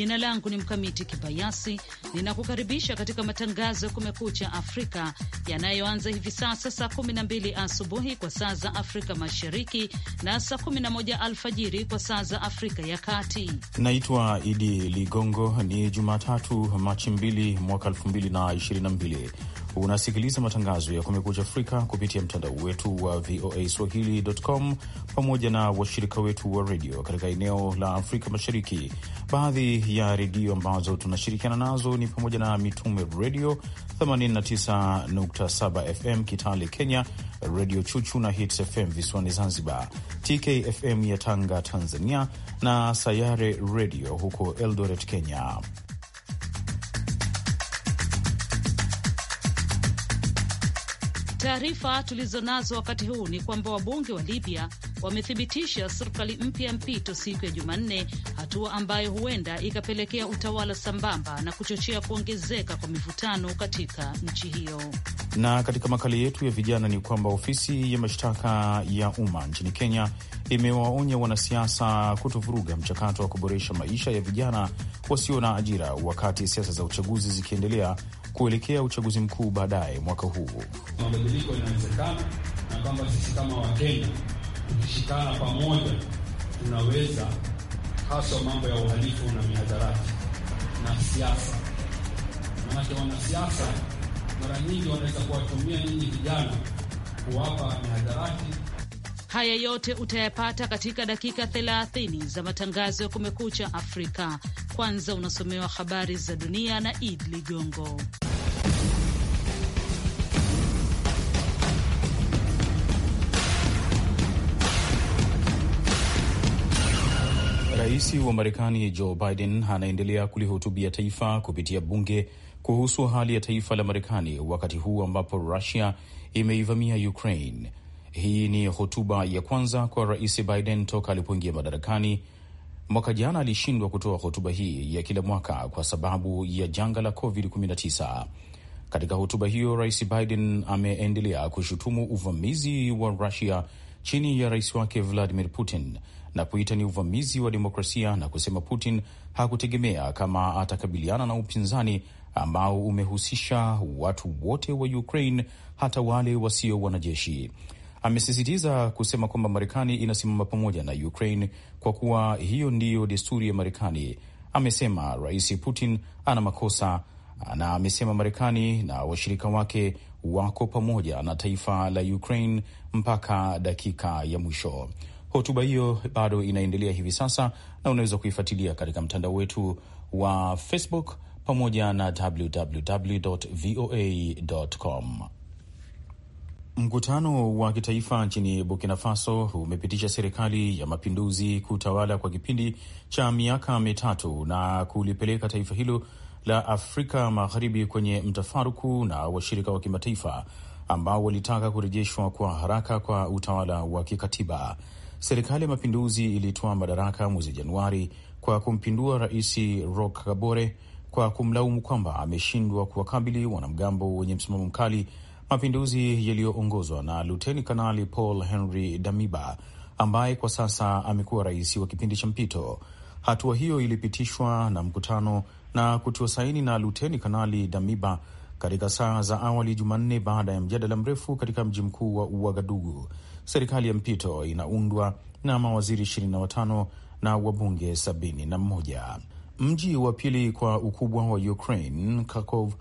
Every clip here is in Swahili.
Jina langu ni Mkamiti Kibayasi, ninakukaribisha katika matangazo ya Kumekucha Afrika yanayoanza hivi sasa saa 12 asubuhi kwa saa za Afrika Mashariki na saa 11 alfajiri kwa saa za Afrika ya Kati. Naitwa Idi Ligongo. Ni Jumatatu, Machi 2 mwaka 2022. Unasikiliza matangazo ya Kumekucha Afrika kupitia mtandao wetu wa VOA swahili.com pamoja na washirika wetu wa redio katika eneo la Afrika Mashariki. Baadhi ya redio ambazo tunashirikiana nazo ni pamoja na Mitume Redio 89.7 FM Kitale Kenya, Redio Chuchu na Hits FM visiwani Zanzibar, TKFM ya Tanga Tanzania na Sayare Redio huko Eldoret Kenya. Taarifa tulizonazo wakati huu ni kwamba wabunge wa Libya wamethibitisha serikali mpya ya mpito siku ya Jumanne, hatua ambayo huenda ikapelekea utawala sambamba na kuchochea kuongezeka kwa mivutano katika nchi hiyo. Na katika makala yetu ya vijana ni kwamba ofisi ya mashtaka ya umma nchini Kenya imewaonya wanasiasa kutovuruga mchakato wa kuboresha maisha ya vijana wasio na ajira wakati siasa za uchaguzi zikiendelea kuelekea uchaguzi mkuu baadaye mwaka huu. Mabadiliko inawezekana na kwamba sisi kama Wakenya tukishikana pamoja tunaweza, haswa mambo ya uhalifu na mihadarati na siasa, manake wanasiasa mara nyingi wanaweza kuwatumia nyinyi vijana kuwapa mihadarati. Haya yote utayapata katika dakika 30 za matangazo ya Kumekucha Afrika. Kwanza unasomewa habari za dunia na Id Ligongo. Rais wa Marekani Joe Biden anaendelea kulihutubia taifa kupitia bunge kuhusu hali ya taifa la Marekani wakati huu ambapo Rusia imeivamia Ukraine. Hii ni hotuba ya kwanza kwa Rais Biden toka alipoingia madarakani. Mwaka jana alishindwa kutoa hotuba hii ya kila mwaka kwa sababu ya janga la COVID-19. Katika hotuba hiyo, Rais Biden ameendelea kushutumu uvamizi wa Rusia chini ya rais wake Vladimir Putin na kuita ni uvamizi wa demokrasia na kusema Putin hakutegemea kama atakabiliana na upinzani ambao umehusisha watu wote wa Ukraine, hata wale wasio wanajeshi. Amesisitiza kusema kwamba Marekani inasimama pamoja na Ukraine kwa kuwa hiyo ndiyo desturi ya Marekani. Amesema Rais Putin ana makosa na amesema Marekani na washirika wake wako pamoja na taifa la Ukraine mpaka dakika ya mwisho. Hotuba hiyo bado inaendelea hivi sasa na unaweza kuifuatilia katika mtandao wetu wa Facebook pamoja na www.voa.com. Mkutano wa kitaifa nchini Burkina Faso umepitisha serikali ya mapinduzi kutawala kwa kipindi cha miaka mitatu na kulipeleka taifa hilo la Afrika Magharibi kwenye mtafaruku na washirika wa kimataifa ambao walitaka kurejeshwa kwa haraka kwa utawala wa kikatiba. Serikali ya mapinduzi ilitoa madaraka mwezi Januari kwa kumpindua Rais Roch Kabore kwa kumlaumu kwamba ameshindwa kuwakabili wanamgambo wenye msimamo mkali, mapinduzi yaliyoongozwa na Luteni Kanali Paul Henry Damiba ambaye kwa sasa amekuwa rais wa kipindi cha mpito. Hatua hiyo ilipitishwa na mkutano na kutiwa saini na Luteni Kanali Damiba katika saa za awali Jumanne baada ya mjadala mrefu katika mji mkuu wa Uagadugu. Serikali ya mpito inaundwa na mawaziri 25 na wabunge 71. Mji wa pili kwa ukubwa wa Ukraine, kakov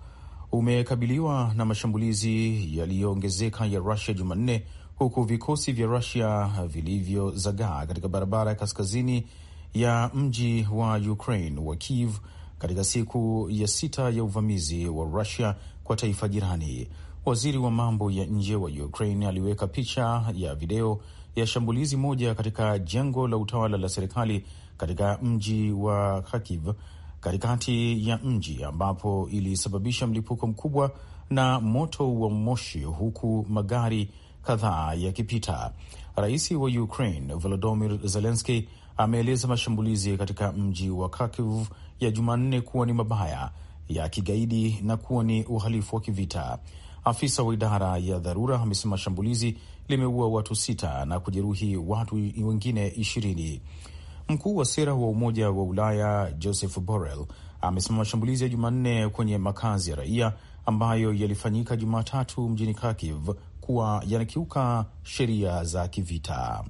umekabiliwa na mashambulizi yaliyoongezeka ya Rusia Jumanne, huku vikosi vya Rusia vilivyozagaa katika barabara ya kaskazini ya mji wa Ukraine wa Kiev katika siku ya sita ya uvamizi wa Rusia kwa taifa jirani. Waziri wa mambo ya nje wa Ukraine aliweka picha ya video ya shambulizi moja katika jengo la utawala la serikali katika mji wa Kharkiv katikati ya mji ambapo ilisababisha mlipuko mkubwa na moto wa moshi huku magari kadhaa yakipita. Rais wa Ukraine Volodymyr Zelensky ameeleza mashambulizi katika mji wa Kharkiv ya Jumanne kuwa ni mabaya ya kigaidi na kuwa ni uhalifu wa kivita. Afisa wa idara ya dharura amesema shambulizi limeua watu sita na kujeruhi watu wengine ishirini. Mkuu wa sera wa Umoja wa Ulaya Joseph Borrell amesema mashambulizi ya Jumanne kwenye makazi ya raia ambayo yalifanyika Jumatatu mjini Kharkiv kuwa yanakiuka sheria za kivita.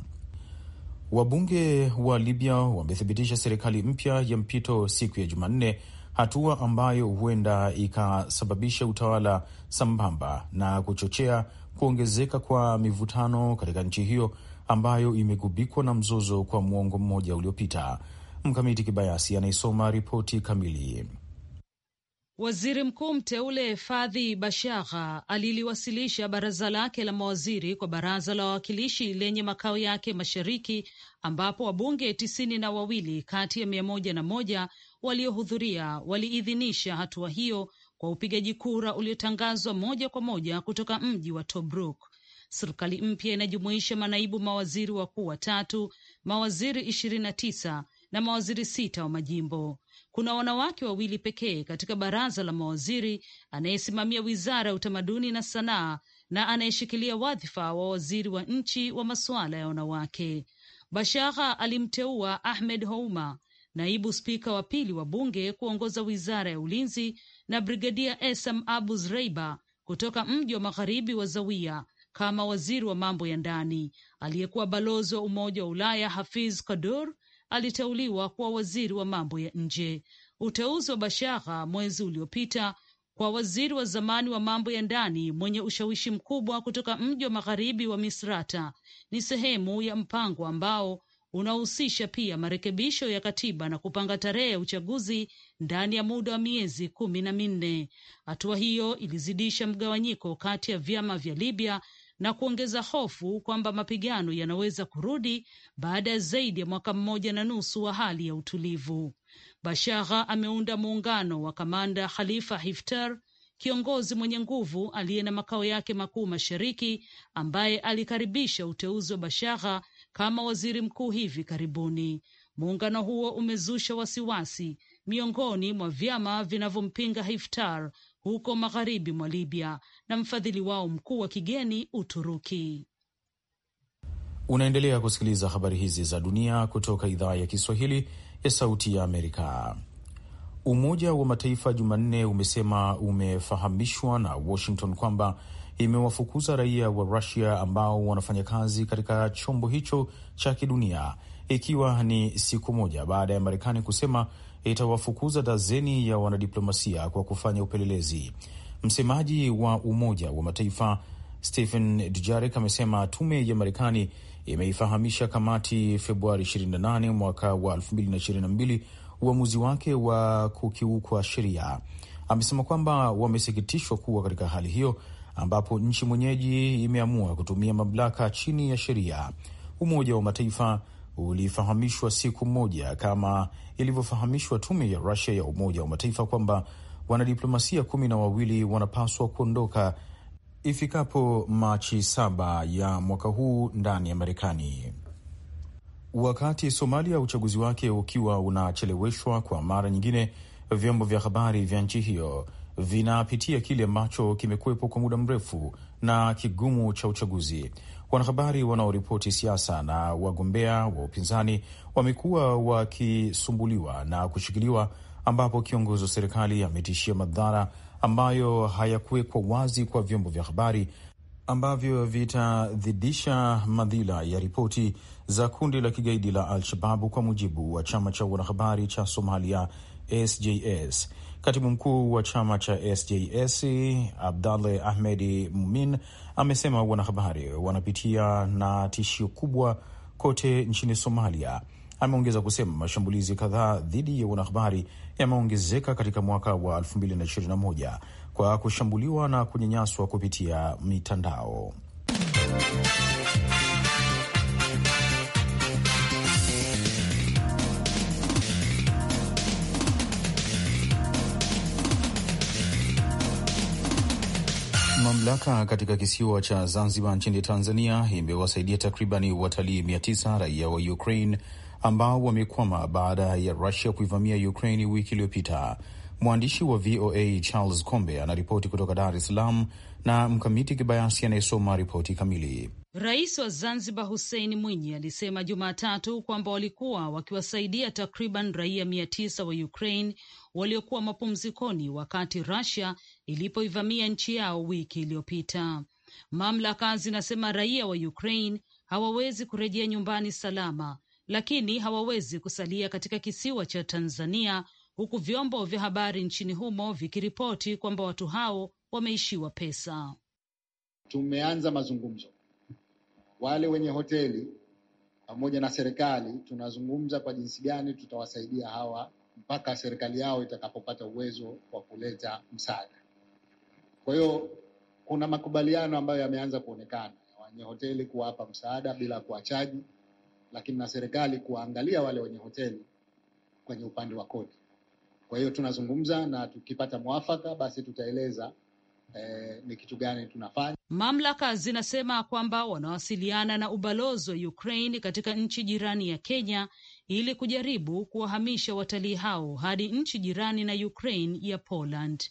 Wabunge wa Libya wamethibitisha serikali mpya ya mpito siku ya Jumanne, hatua ambayo huenda ikasababisha utawala sambamba na kuchochea kuongezeka kwa mivutano katika nchi hiyo ambayo imegubikwa na mzozo kwa muongo mmoja uliopita. Mkamiti Kibayasi anaisoma ripoti kamili. Waziri mkuu mteule Fadhi Bashagha aliliwasilisha baraza lake la mawaziri kwa baraza la wawakilishi lenye makao yake mashariki, ambapo wabunge tisini na wawili kati ya mia moja na moja waliohudhuria waliidhinisha hatua hiyo kwa upigaji kura uliotangazwa moja kwa moja kutoka mji wa Tobruk. Serikali mpya inajumuisha manaibu mawaziri wakuu watatu, mawaziri ishirini na tisa na mawaziri sita wa majimbo. Kuna wanawake wawili pekee katika baraza la mawaziri, anayesimamia wizara ya utamaduni na sanaa na anayeshikilia wadhifa wa waziri wa nchi wa masuala ya wanawake. Bashagha alimteua Ahmed Houma, naibu spika wa pili wa bunge, kuongoza wizara ya ulinzi na Brigadia Esam Abu Zreiba kutoka mji wa magharibi wa Zawiya kama waziri wa mambo ya ndani. Aliyekuwa balozi wa Umoja wa Ulaya Hafiz Kodur aliteuliwa kuwa waziri wa mambo ya nje. Uteuzi wa Bashagha mwezi uliopita kwa waziri wa zamani wa mambo ya ndani mwenye ushawishi mkubwa kutoka mji wa magharibi wa Misrata ni sehemu ya mpango ambao unahusisha pia marekebisho ya katiba na kupanga tarehe ya uchaguzi ndani ya muda wa miezi kumi na minne. Hatua hiyo ilizidisha mgawanyiko kati ya vyama vya Libya na kuongeza hofu kwamba mapigano yanaweza kurudi baada ya zaidi ya mwaka mmoja na nusu wa hali ya utulivu. Bashagha ameunda muungano wa kamanda Khalifa hiftar kiongozi mwenye nguvu aliye na makao yake makuu mashariki, ambaye alikaribisha uteuzi wa Bashagha kama waziri mkuu hivi karibuni. Muungano huo umezusha wasiwasi miongoni mwa vyama vinavyompinga Hiftar huko magharibi mwa Libya na mfadhili wao mkuu wa kigeni Uturuki. Unaendelea kusikiliza habari hizi za dunia kutoka idhaa ya Kiswahili ya Sauti ya Amerika. Umoja wa Mataifa Jumanne umesema umefahamishwa na Washington kwamba imewafukuza raia wa Rusia ambao wanafanya kazi katika chombo hicho cha kidunia, ikiwa ni siku moja baada ya Marekani kusema itawafukuza dazeni ya wanadiplomasia kwa kufanya upelelezi. Msemaji wa Umoja wa Mataifa Stephen Dujarric amesema tume ya Marekani imeifahamisha kamati Februari 28 mwaka wa 2022 uamuzi wake wa kukiukwa sheria. Amesema kwamba wamesikitishwa kuwa katika hali hiyo ambapo nchi mwenyeji imeamua kutumia mamlaka chini ya sheria. Umoja wa Mataifa ulifahamishwa siku moja kama ilivyofahamishwa tume ya Rusia ya Umoja wa Mataifa kwamba wanadiplomasia kumi na wawili wanapaswa kuondoka ifikapo Machi saba ya mwaka huu ndani ya Marekani. Wakati Somalia uchaguzi wake ukiwa unacheleweshwa kwa mara nyingine, vyombo vya habari vya nchi hiyo vinapitia kile ambacho kimekuwepo kwa muda mrefu na kigumu cha uchaguzi. Wanahabari wanaoripoti siasa na wagombea wa upinzani wamekuwa wakisumbuliwa na kushikiliwa, ambapo kiongozi wa serikali ametishia madhara ambayo hayakuwekwa wazi kwa vyombo vya habari ambavyo vitadhidisha madhila ya ripoti za kundi la kigaidi la Al-Shababu, kwa mujibu wa chama cha wanahabari cha Somalia SJS. Katibu mkuu wa chama cha SJS Abdallah Ahmedi Mumin amesema wanahabari wanapitia na tishio kubwa kote nchini Somalia. Ameongeza kusema mashambulizi kadhaa dhidi ya wanahabari yameongezeka katika mwaka wa 2021 kwa kushambuliwa na kunyanyaswa kupitia mitandao. Mamlaka katika kisiwa cha Zanzibar nchini Tanzania imewasaidia takribani watalii 9 raia wa Ukraine ambao wamekwama baada ya Rusia kuivamia Ukraine wiki iliyopita. Mwandishi wa VOA Charles Kombe anaripoti kutoka Dar es Salaam na Mkamiti Kibayasi anayesoma ripoti kamili. Rais wa Zanzibar Hussein Mwinyi alisema Jumatatu kwamba walikuwa wakiwasaidia takriban raia mia tisa wa Ukraine waliokuwa mapumzikoni wakati Russia ilipoivamia nchi yao wiki iliyopita. Mamlaka zinasema raia wa Ukraine hawawezi kurejea nyumbani salama, lakini hawawezi kusalia katika kisiwa cha Tanzania huku vyombo vya habari nchini humo vikiripoti kwamba watu hao wameishiwa pesa. Tumeanza mazungumzo, wale wenye hoteli pamoja na serikali, tunazungumza kwa jinsi gani tutawasaidia hawa mpaka serikali yao itakapopata uwezo wa kuleta msaada. Kwa hiyo kuna makubaliano ambayo yameanza kuonekana, wenye hoteli kuwapa msaada bila kuwachaji, lakini na serikali kuwaangalia wale wenye hoteli kwenye upande wa kodi. Kwa hiyo tunazungumza na tukipata mwafaka, basi tutaeleza eh, ni kitu gani tunafanya. Mamlaka zinasema kwamba wanawasiliana na ubalozi wa Ukraine katika nchi jirani ya Kenya ili kujaribu kuwahamisha watalii hao hadi nchi jirani na Ukraine ya Poland.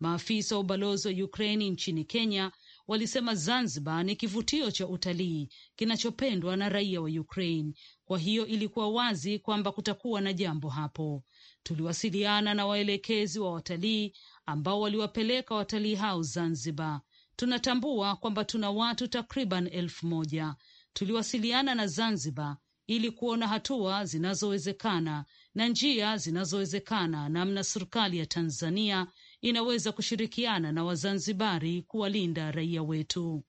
Maafisa wa ubalozi wa Ukraine nchini Kenya walisema Zanzibar ni kivutio cha utalii kinachopendwa na raia wa Ukraine. Kwa hiyo ilikuwa wazi kwamba kutakuwa na jambo hapo. Tuliwasiliana na waelekezi wa watalii ambao waliwapeleka watalii hao Zanzibar. Tunatambua kwamba tuna watu takriban elfu moja. Tuliwasiliana na Zanzibar ili kuona hatua zinazowezekana na njia zinazowezekana, namna serikali ya Tanzania inaweza kushirikiana na Wazanzibari kuwalinda raia wetu.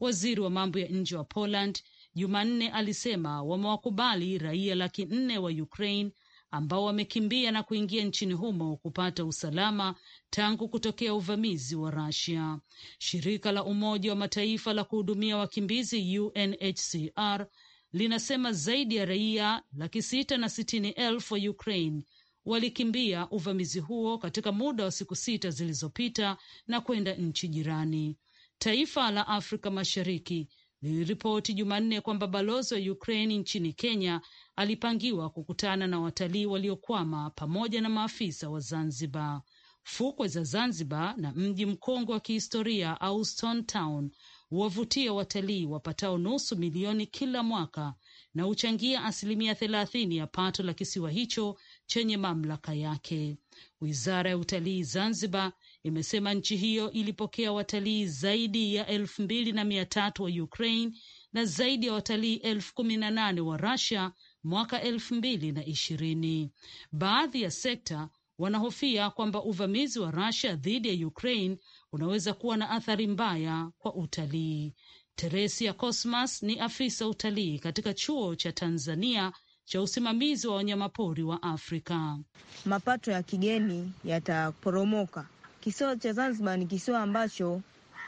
Waziri wa mambo ya nje wa Poland Jumanne alisema wamewakubali raia laki nne wa Ukraine ambao wamekimbia na kuingia nchini humo kupata usalama tangu kutokea uvamizi wa Russia. Shirika la Umoja wa Mataifa la kuhudumia wakimbizi UNHCR linasema zaidi ya raia laki sita na sitini elfu wa Ukraine walikimbia uvamizi huo katika muda wa siku sita zilizopita na kwenda nchi jirani. Taifa la Afrika Mashariki liliripoti Jumanne kwamba balozi wa Ukraini nchini Kenya alipangiwa kukutana na watalii waliokwama pamoja na maafisa wa Zanzibar. Fukwe za Zanzibar na mji mkongwe wa kihistoria Auston Town huwavutia watalii wapatao nusu milioni kila mwaka na huchangia asilimia thelathini ya pato la kisiwa hicho chenye mamlaka yake. Wizara ya utalii Zanzibar imesema nchi hiyo ilipokea watalii zaidi ya elfu mbili na mia tatu wa Ukraine na zaidi ya watalii elfu kumi na nane wa Russia mwaka elfu mbili na ishirini. Baadhi ya sekta wanahofia kwamba uvamizi wa Russia dhidi ya Ukraine unaweza kuwa na athari mbaya kwa utalii. Teresia Cosmas ni afisa utalii katika chuo cha Tanzania cha usimamizi wa wanyamapori wa Afrika. Mapato ya kigeni yataporomoka. Kisiwa cha Zanzibar ni kisiwa ambacho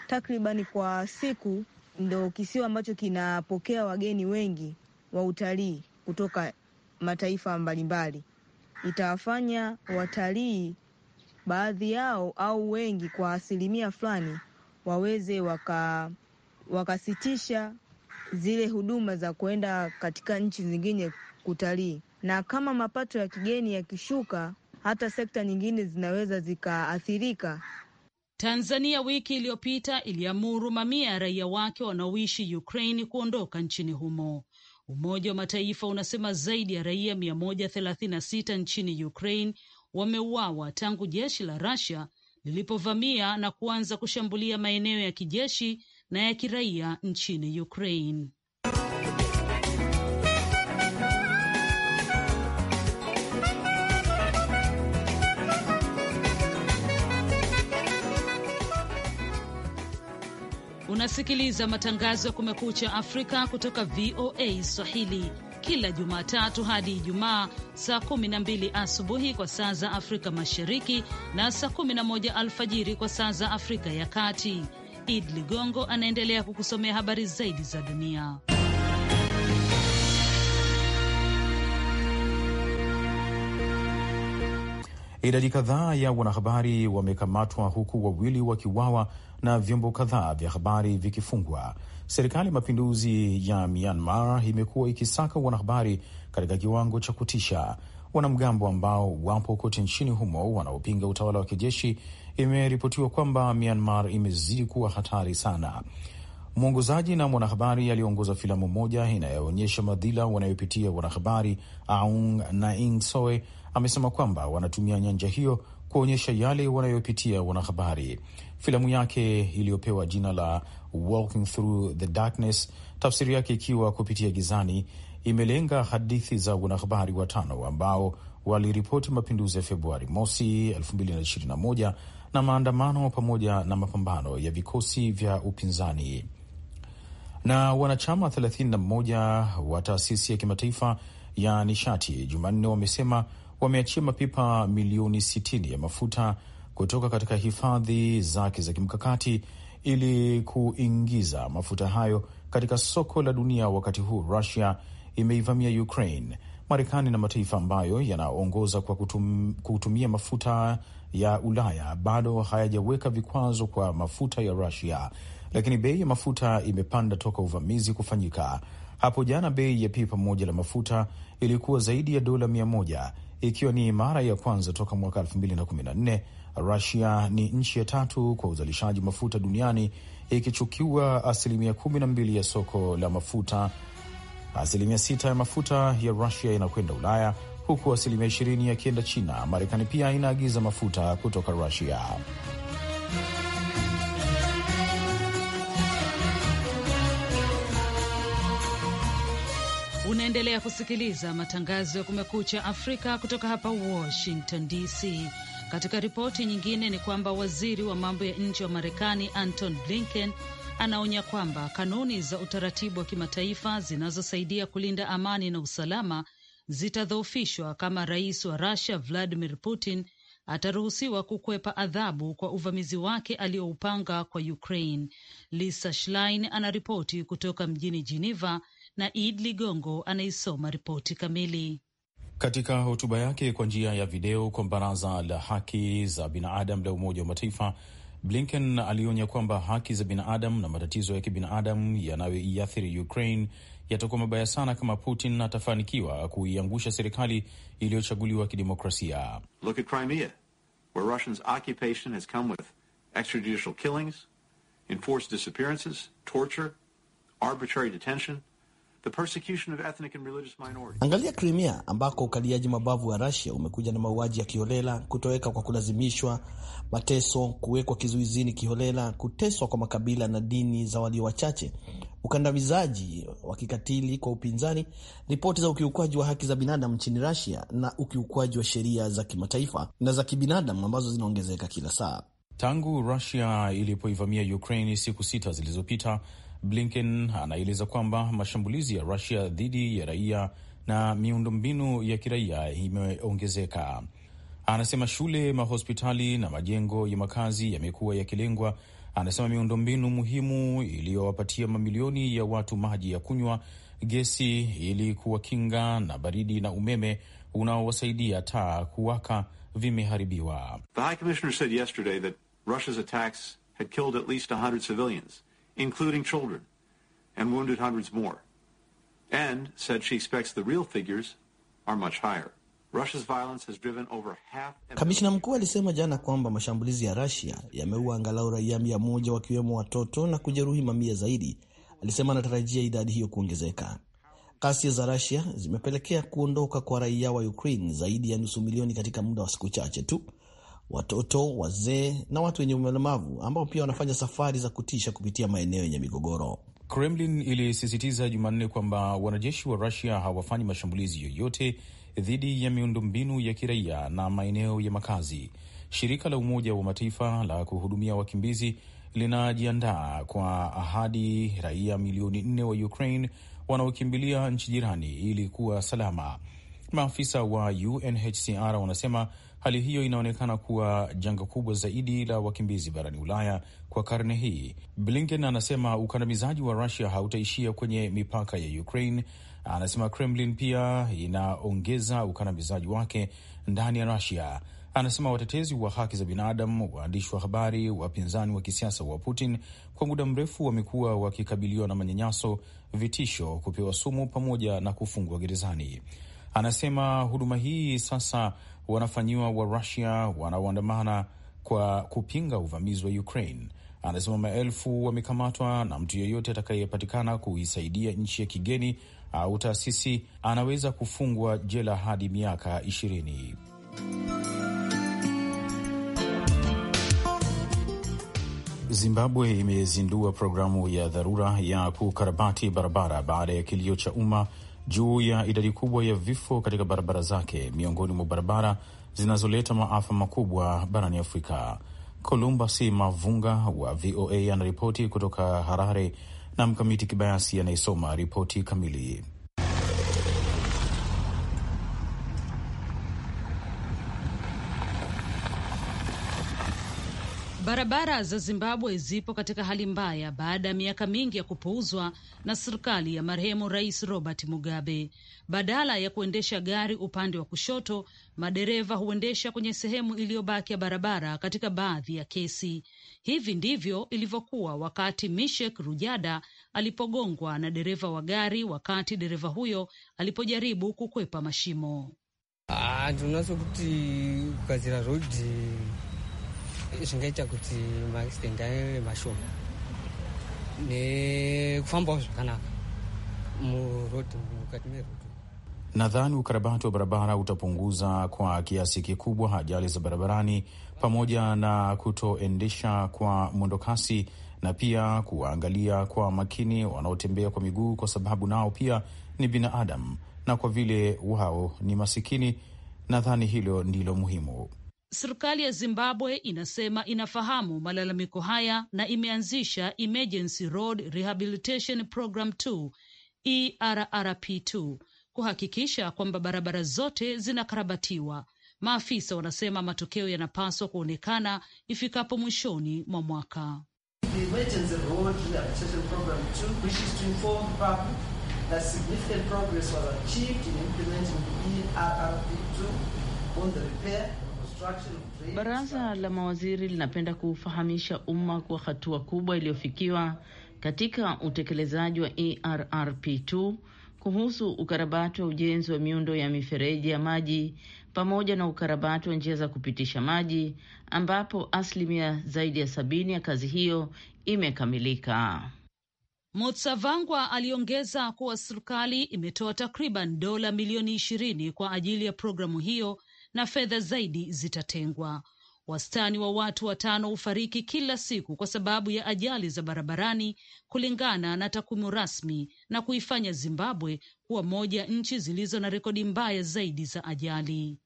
takribani kwa siku ndo kisiwa ambacho kinapokea wageni wengi wa utalii kutoka mataifa mbalimbali. Itawafanya watalii baadhi yao au wengi kwa asilimia fulani waweze waka wakasitisha zile huduma za kuenda katika nchi zingine kutalii, na kama mapato ya kigeni yakishuka, hata sekta nyingine zinaweza zikaathirika. Tanzania wiki iliyopita iliamuru mamia ya raia wake wanaoishi Ukraine kuondoka nchini humo. Umoja wa Mataifa unasema zaidi ya raia mia moja sita nchini Ukraine wameuawa tangu jeshi la Russia lilipovamia na kuanza kushambulia maeneo ya kijeshi na ya kiraia nchini Ukraine. Unasikiliza matangazo ya Kumekucha Afrika kutoka VOA Swahili kila Jumatatu hadi Ijumaa saa 12 asubuhi kwa saa za Afrika Mashariki na saa 11 alfajiri kwa saa za Afrika ya Kati. Id Ligongo anaendelea kukusomea habari zaidi za dunia. Idadi kadhaa ya wanahabari wamekamatwa huku wawili wakiwawa na vyombo kadhaa vya habari vikifungwa. Serikali ya mapinduzi ya Myanmar imekuwa ikisaka wanahabari katika kiwango cha kutisha. Wanamgambo ambao wapo kote nchini humo wanaopinga utawala wa kijeshi, imeripotiwa kwamba Myanmar imezidi kuwa hatari sana. Mwongozaji na mwanahabari aliyeongoza filamu moja inayoonyesha madhila wanayopitia wanahabari Aung Naing Soe amesema kwamba wanatumia nyanja hiyo kuonyesha yale wanayopitia wanahabari. Filamu yake iliyopewa jina la Walking Through the Darkness, tafsiri yake ikiwa kupitia gizani, imelenga hadithi za wanahabari watano ambao waliripoti mapinduzi ya Februari mosi 2021 na maandamano pamoja na mapambano ya vikosi vya upinzani na wanachama 31 wa taasisi ya kimataifa ya nishati Jumanne wamesema wameachia mapipa milioni 60 ya mafuta kutoka katika hifadhi zake za kimkakati ili kuingiza mafuta hayo katika soko la dunia. Wakati huu Rusia imeivamia Ukraine, Marekani na mataifa ambayo yanaongoza kwa kutum, kutumia mafuta ya Ulaya bado hayajaweka vikwazo kwa mafuta ya Rusia, lakini bei ya mafuta imepanda toka uvamizi kufanyika. Hapo jana bei ya pipa moja la mafuta ilikuwa zaidi ya dola mia moja ikiwa ni mara ya kwanza toka mwaka 2014. Rusia ni nchi ya tatu kwa uzalishaji mafuta duniani ikichukiwa asilimia 12 ya soko la mafuta. Asilimia sita ya mafuta ya Rusia inakwenda Ulaya, huku asilimia 20 yakienda China. Marekani pia inaagiza mafuta kutoka Rusia. Unaendelea kusikiliza matangazo ya Kumekucha Afrika kutoka hapa Washington DC. Katika ripoti nyingine ni kwamba waziri wa mambo ya nje wa Marekani Anton Blinken anaonya kwamba kanuni za utaratibu wa kimataifa zinazosaidia kulinda amani na usalama zitadhoofishwa kama rais wa Rusia Vladimir Putin ataruhusiwa kukwepa adhabu kwa uvamizi wake aliyoupanga kwa Ukraine. Lisa Schlein anaripoti kutoka mjini Geneva na Id Ligongo anaisoma ripoti kamili. Katika hotuba yake kwa njia ya video kwa Baraza la Haki za Binadamu la Umoja wa Mataifa, Blinken alionya kwamba haki za binadamu na matatizo ya kibinadamu yanayoiathiri Ukraine yatakuwa mabaya sana kama Putin atafanikiwa kuiangusha serikali iliyochaguliwa kidemokrasia. Look at Crimea, where Russians occupation has come with extrajudicial killings, enforced disappearances, torture, arbitrary detention The persecution of ethnic and religious minorities. Angalia Crimea ambako ukaliaji mabavu wa Russia umekuja na mauaji ya kiholela, kutoweka kwa kulazimishwa, mateso, kuwekwa kizuizini kiholela, kuteswa kwa makabila na dini za walio wachache, ukandamizaji wa kikatili kwa upinzani, ripoti za ukiukwaji wa haki za binadamu nchini Russia na ukiukwaji wa sheria za kimataifa na za kibinadamu ambazo zinaongezeka kila saa tangu Russia ilipoivamia Ukraine siku sita zilizopita. Blinken anaeleza kwamba mashambulizi ya Rusia dhidi ya raia na miundombinu ya kiraia imeongezeka. Anasema shule, mahospitali na majengo ya makazi yamekuwa yakilengwa. Anasema miundombinu muhimu iliyowapatia mamilioni ya watu maji ya kunywa, gesi ili kuwakinga na baridi na umeme unaowasaidia taa kuwaka vimeharibiwa. The High Commissioner said yesterday that Russia's attacks had killed at least 100 civilians including children, and wounded hundreds more, and said she expects the real figures are much higher. Russia's violence has driven over half... Kamishna mkuu alisema jana kwamba mashambulizi ya Russia yameua angalau raia mia moja wakiwemo watoto na kujeruhi mamia zaidi. Alisema anatarajia idadi hiyo kuongezeka. Ghasia za Russia zimepelekea kuondoka kwa raia wa Ukraine zaidi ya nusu milioni katika muda wa siku chache tu, watoto, wazee na watu wenye ulemavu ambao pia wanafanya safari za kutisha kupitia maeneo yenye migogoro. Kremlin ilisisitiza Jumanne kwamba wanajeshi wa Rusia hawafanyi mashambulizi yoyote dhidi ya miundombinu ya kiraia na maeneo ya makazi. Shirika la Umoja wa Mataifa la kuhudumia wakimbizi linajiandaa kwa ahadi raia milioni nne wa Ukraine wanaokimbilia nchi jirani ili kuwa salama. Maafisa wa UNHCR wanasema hali hiyo inaonekana kuwa janga kubwa zaidi la wakimbizi barani Ulaya kwa karne hii. Blinken anasema ukandamizaji wa Rusia hautaishia kwenye mipaka ya Ukraine. Anasema Kremlin pia inaongeza ukandamizaji wake ndani ya Rusia. Anasema watetezi wa haki za binadamu, waandishi wa habari, wapinzani wa kisiasa wa Putin kwa muda mrefu wamekuwa wakikabiliwa na manyanyaso, vitisho, kupewa sumu pamoja na kufungwa gerezani. Anasema huduma hii sasa wanafanyiwa wa rusia wanaoandamana kwa kupinga uvamizi wa Ukraine. Anasema maelfu wamekamatwa na mtu yeyote atakayepatikana kuisaidia nchi ya kigeni au taasisi anaweza kufungwa jela hadi miaka ishirini. Zimbabwe imezindua programu ya dharura ya kukarabati barabara baada ya kilio cha umma juu ya idadi kubwa ya vifo katika barabara zake, miongoni mwa barabara zinazoleta maafa makubwa barani Afrika. Kolumba si Mavunga wa VOA anaripoti kutoka Harare na Mkamiti Kibayasi anayesoma ripoti kamili. Barabara za Zimbabwe zipo katika hali mbaya baada ya miaka mingi ya kupuuzwa na serikali ya marehemu Rais Robert Mugabe. Badala ya kuendesha gari upande wa kushoto, madereva huendesha kwenye sehemu iliyobaki ya barabara katika baadhi ya kesi. Hivi ndivyo ilivyokuwa wakati Mishek Rujada alipogongwa na dereva wa gari wakati dereva huyo alipojaribu kukwepa mashimo. Ah, zvingaita kuti masitenda aive mashoma nekufambawo zvakanaka murodhi mukati merodhi Nadhani ukarabati wa barabara utapunguza kwa kiasi kikubwa ajali za barabarani pamoja na kutoendesha kwa mwendokasi na pia kuwaangalia kwa makini wanaotembea kwa miguu, kwa sababu nao pia ni binadamu na kwa vile wao ni masikini, nadhani hilo ndilo muhimu. Serikali ya Zimbabwe inasema inafahamu malalamiko haya na imeanzisha Emergency Road Rehabilitation Program 2 ERRP2 kuhakikisha kwamba barabara zote zinakarabatiwa. Maafisa wanasema matokeo yanapaswa kuonekana ifikapo mwishoni mwa mwaka. Baraza la mawaziri linapenda kuufahamisha umma kwa hatua kubwa iliyofikiwa katika utekelezaji wa ERRP2 kuhusu ukarabati wa ujenzi wa miundo ya mifereji ya maji pamoja na ukarabati wa njia za kupitisha maji ambapo asilimia zaidi ya sabini ya kazi hiyo imekamilika. Mutsavangwa aliongeza kuwa serikali imetoa takriban dola milioni ishirini kwa ajili ya programu hiyo na fedha zaidi zitatengwa. Wastani wa watu watano hufariki kila siku kwa sababu ya ajali za barabarani kulingana na takwimu rasmi, na kuifanya Zimbabwe kuwa moja nchi zilizo na rekodi mbaya zaidi za ajali.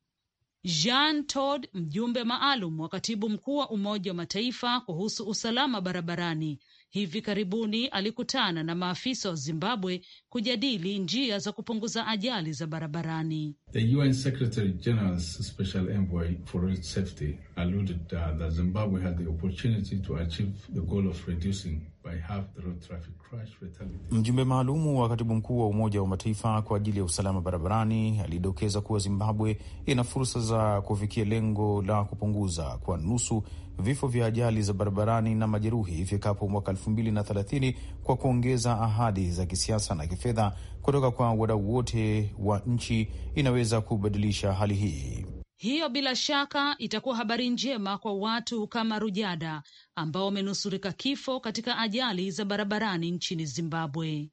Jean tod mjumbe maalum wa katibu mkuu wa Umoja wa Mataifa kuhusu usalama barabarani, hivi karibuni alikutana na maafisa wa Zimbabwe kujadili njia za kupunguza ajali za barabarani. The UN Secretary General's Special Envoy for Road Safety alluded uh, that Zimbabwe had the opportunity to achieve the goal of reducing by half the road traffic crash fatality. Mjumbe maalumu wa katibu mkuu wa Umoja wa Mataifa kwa ajili ya usalama barabarani alidokeza kuwa Zimbabwe ina fursa za kufikia lengo la kupunguza kwa nusu vifo vya ajali za barabarani na majeruhi ifikapo mwaka 2030 kwa kuongeza ahadi za kisiasa na kifedha kutoka kwa wadau wote wa nchi inaweza kubadilisha hali hii. Hiyo bila shaka itakuwa habari njema kwa watu kama Rujada ambao wamenusurika kifo katika ajali za barabarani nchini Zimbabwe.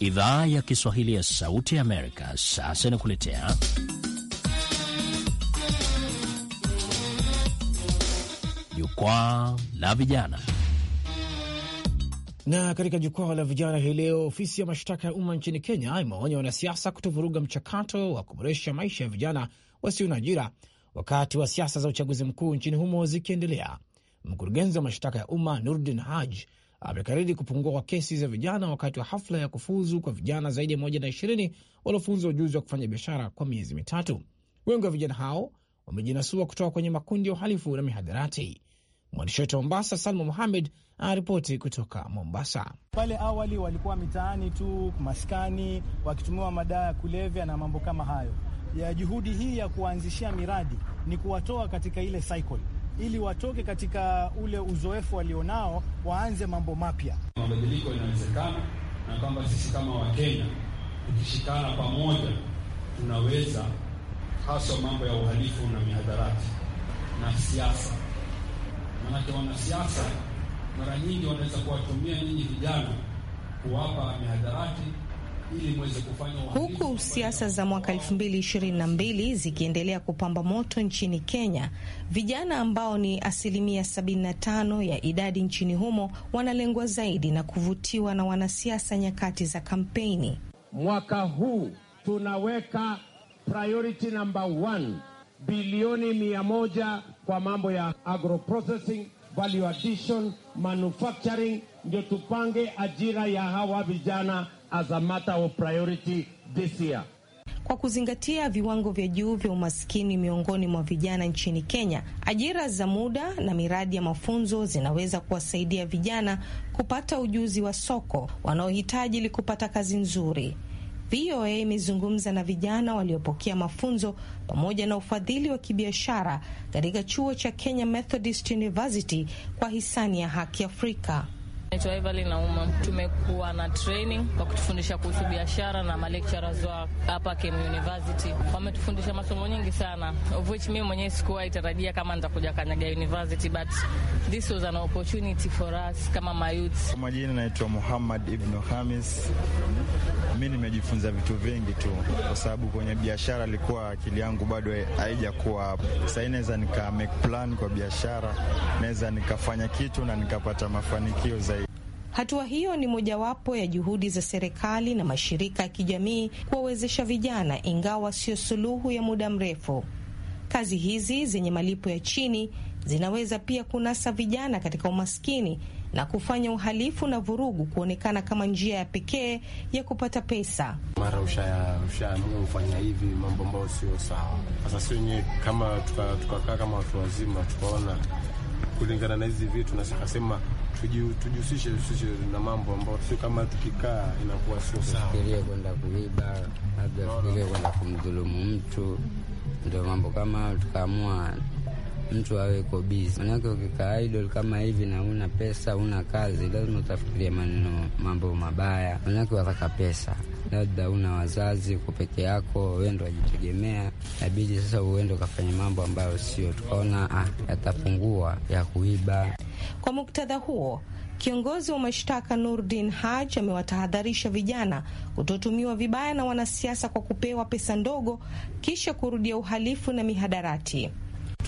Idhaa ya Kiswahili ya Sauti ya Amerika sasa inakuletea jukwaa la vijana. Na katika jukwaa la vijana hii leo, ofisi ya mashtaka ya umma nchini Kenya imewaonya wanasiasa kutovuruga mchakato wa kuboresha maisha ya vijana wasio na ajira wakati wa siasa za uchaguzi mkuu nchini humo zikiendelea. Mkurugenzi wa mashtaka ya umma Nurdin Haj amekariri kupungua kwa kesi za vijana wakati wa hafla ya kufuzu kwa vijana zaidi ya moja na ishirini waliofunzwa ujuzi wa kufanya biashara kwa miezi mitatu. Wengi wa vijana hao wamejinasua kutoka kwenye makundi ya uhalifu na mihadarati. Mwandishi wetu wa Mombasa, Salma Muhamed, anaripoti kutoka Mombasa. Pale awali walikuwa mitaani tu, maskani, wakitumiwa madawa ya kulevya na mambo kama hayo. Ya juhudi hii ya kuwaanzishia miradi ni kuwatoa katika ile cycle ili watoke katika ule uzoefu walionao, waanze mambo mapya. Mabadiliko yanawezekana na kwamba sisi kama Wakenya tukishikana pamoja tunaweza, haswa mambo ya uhalifu na mihadarati na siasa manake wanasiasa mara nyingi wanaweza kuwatumia nyinyi vijana kuwapa mihadharati huku siasa za mwaka 2022 zikiendelea kupamba moto nchini Kenya, vijana ambao ni asilimia 75 ya idadi nchini humo wanalengwa zaidi na kuvutiwa na wanasiasa nyakati za kampeni. Mwaka huu tunaweka priority number 1 bilioni kwa mambo ya processing, value addition, manufacturing, ndio tupange ajira ya hawa vijana as a matter of priority this year. Kwa kuzingatia viwango vya juu vya umaskini miongoni mwa vijana nchini Kenya, ajira za muda na miradi ya mafunzo zinaweza kuwasaidia vijana kupata ujuzi wa soko wanaohitaji ili kupata kazi nzuri. VOA imezungumza na vijana waliopokea mafunzo pamoja na ufadhili wa kibiashara katika chuo cha Kenya Methodist University kwa hisani ya Haki Afrika. Naitwa Evelyn Nauma. Tumekuwa na training kwa kutufundisha kuhusu biashara na malecturers wa hapa Ken University wametufundisha masomo nyingi sana, of which mimi mwenyewe sikuwa itarajia kama nitakuja Kanyaga University, but this was an opportunity for us kama mayouth. Kwa majina naitwa Muhammad Ibn Hamis. Mimi nimejifunza vitu vingi tu, kwa sababu kwenye biashara alikuwa akili yangu bado haijakuwa. hapo. Sasa inaweza nika make plan kwa biashara, naweza nikafanya kitu na nikapata mafanikio zaidi. Hatua hiyo ni mojawapo ya juhudi za serikali na mashirika ya kijamii kuwawezesha vijana, ingawa sio suluhu ya muda mrefu. Kazi hizi zenye malipo ya chini zinaweza pia kunasa vijana katika umaskini na kufanya uhalifu na vurugu kuonekana kama njia ya pekee ya kupata pesa. Mara ushaamua ufanya hivi mambo ambayo sio sawa. Sasa si wenyewe kama tukakaa tuka kama watu wazima tukaona kulingana na hizi vitu, na sikasema tujihusishe na mambo ambayo sio kama tukikaa inakuwa sio sawa, fikirie kwenda kuiba, labda fikirie kwenda kumdhulumu mtu, ndio mambo kama tukaamua mtu aweko bizi, manake ukikaa idol kama hivi na una pesa una kazi, lazima utafikiria maneno mambo mabaya, manake wataka pesa labda una wazazi, uko peke yako, wewe ndo wajitegemea, nabidi sasa uende ukafanya mambo ambayo sio, tukaona ah, yatapungua ya kuiba. Kwa muktadha huo Kiongozi wa mashtaka Nurdin Haj amewatahadharisha vijana kutotumiwa vibaya na wanasiasa kwa kupewa pesa ndogo kisha kurudia uhalifu na mihadarati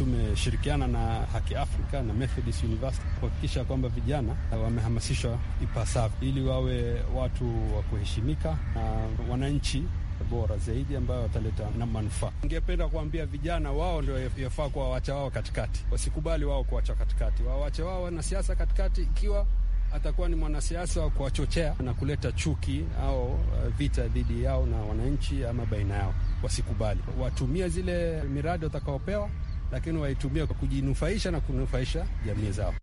tumeshirikiana na Haki Afrika na Methodist University kuhakikisha kwamba vijana wamehamasishwa ipasavyo ili wawe watu wa kuheshimika na wananchi bora zaidi ambayo wataleta na manufaa. Ningependa kuambia vijana wao ndio yafaa kuwawacha wao katikati, wasikubali wao kuwacha katikati, wawache wao wanasiasa katikati. Ikiwa atakuwa ni mwanasiasa wa kuwachochea na kuleta chuki au uh, vita dhidi yao na wananchi ama baina yao, wasikubali, watumie zile miradi watakaopewa lakini waitumia kwa kujinufaisha na kunufaisha jamii zao.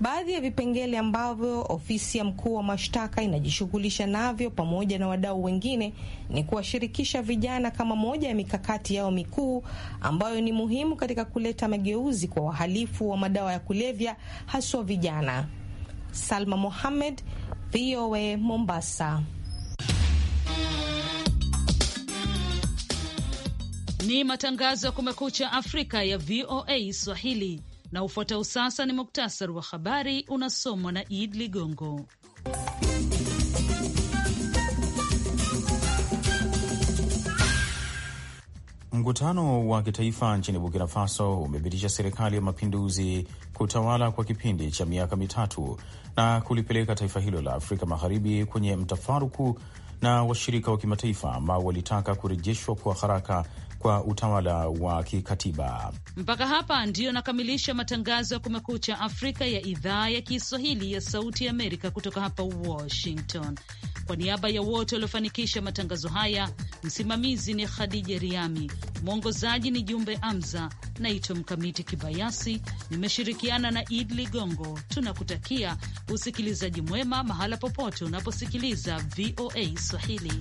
Baadhi ya vipengele ambavyo ofisi ya mkuu wa mashtaka inajishughulisha navyo pamoja na wadau wengine ni kuwashirikisha vijana kama moja ya mikakati yao mikuu ambayo ni muhimu katika kuleta mageuzi kwa wahalifu wa madawa ya kulevya haswa vijana. Salma Mohamed, VOA Mombasa. Ni matangazo ya Kumekucha Afrika ya VOA Swahili na ufuatao sasa ni muktasari wa habari unasomwa na Id Ligongo. Mkutano wa kitaifa nchini Burkina Faso umepitisha serikali ya mapinduzi kutawala kwa kipindi cha miaka mitatu na kulipeleka taifa hilo la Afrika Magharibi kwenye mtafaruku na washirika wa kimataifa ambao walitaka kurejeshwa kwa haraka kwa utawala wa kikatiba. Mpaka hapa ndiyo nakamilisha matangazo ya Kumekucha Afrika ya idhaa ya Kiswahili ya Sauti Amerika kutoka hapa Washington. Kwa niaba ya wote waliofanikisha matangazo haya, msimamizi ni Khadija Riami, mwongozaji ni Jumbe Amza. Naitwa Mkamiti Kibayasi, nimeshirikiana na Id Ligongo. Tunakutakia usikilizaji mwema mahala popote unaposikiliza VOA Swahili.